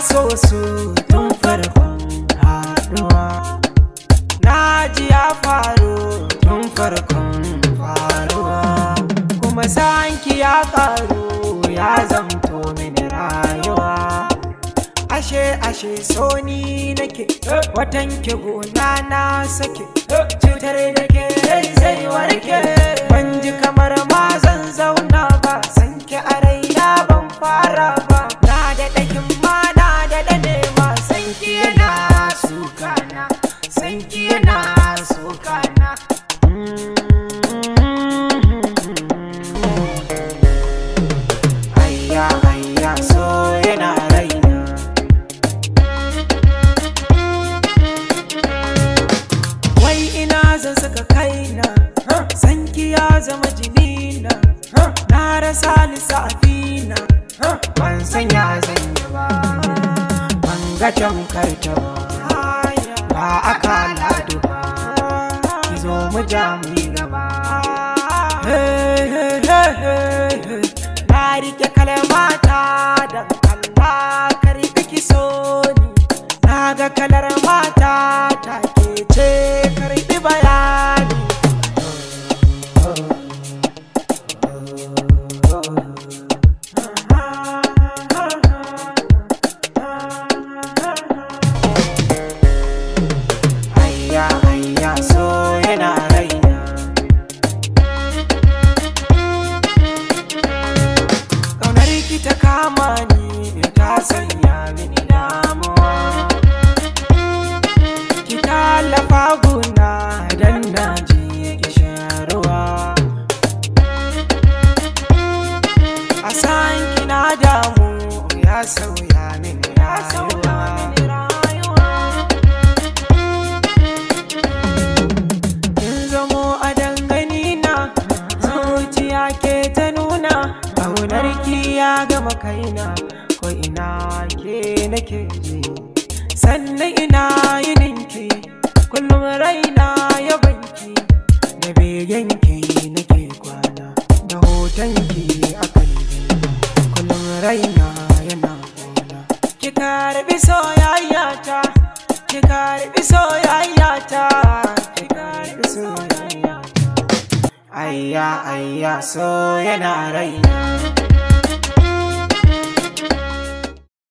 so su tun farkon haɗuwa na ji ya faru tun farkon faruwa kuma sanki ya karu ya zamto mini rayuwa ashe ashe soni nake watan ke gona na sake cutar da ke zai warke ban ji kamar ma zan zauna ba san ki a raina ban fara ba zan saka kaina sanki ya zama jinina na rasa lissafina ban sanya zan yi ba ban ga can karta ba ba aka ladu ba ki zo mu ja mu gaba na rike kalmata da kalla karki ki na damu ya sauya min rayuwa kin zamo a dangane na zuciya ke ta nuna ƙaunar ki ya gama kaina ko ina ke nake ji sannan ina yininki kullum raina ya banki raina yana gona ki karbi soyayyata ki karbi ta ki karbi soyayya ayya ayya so yana raina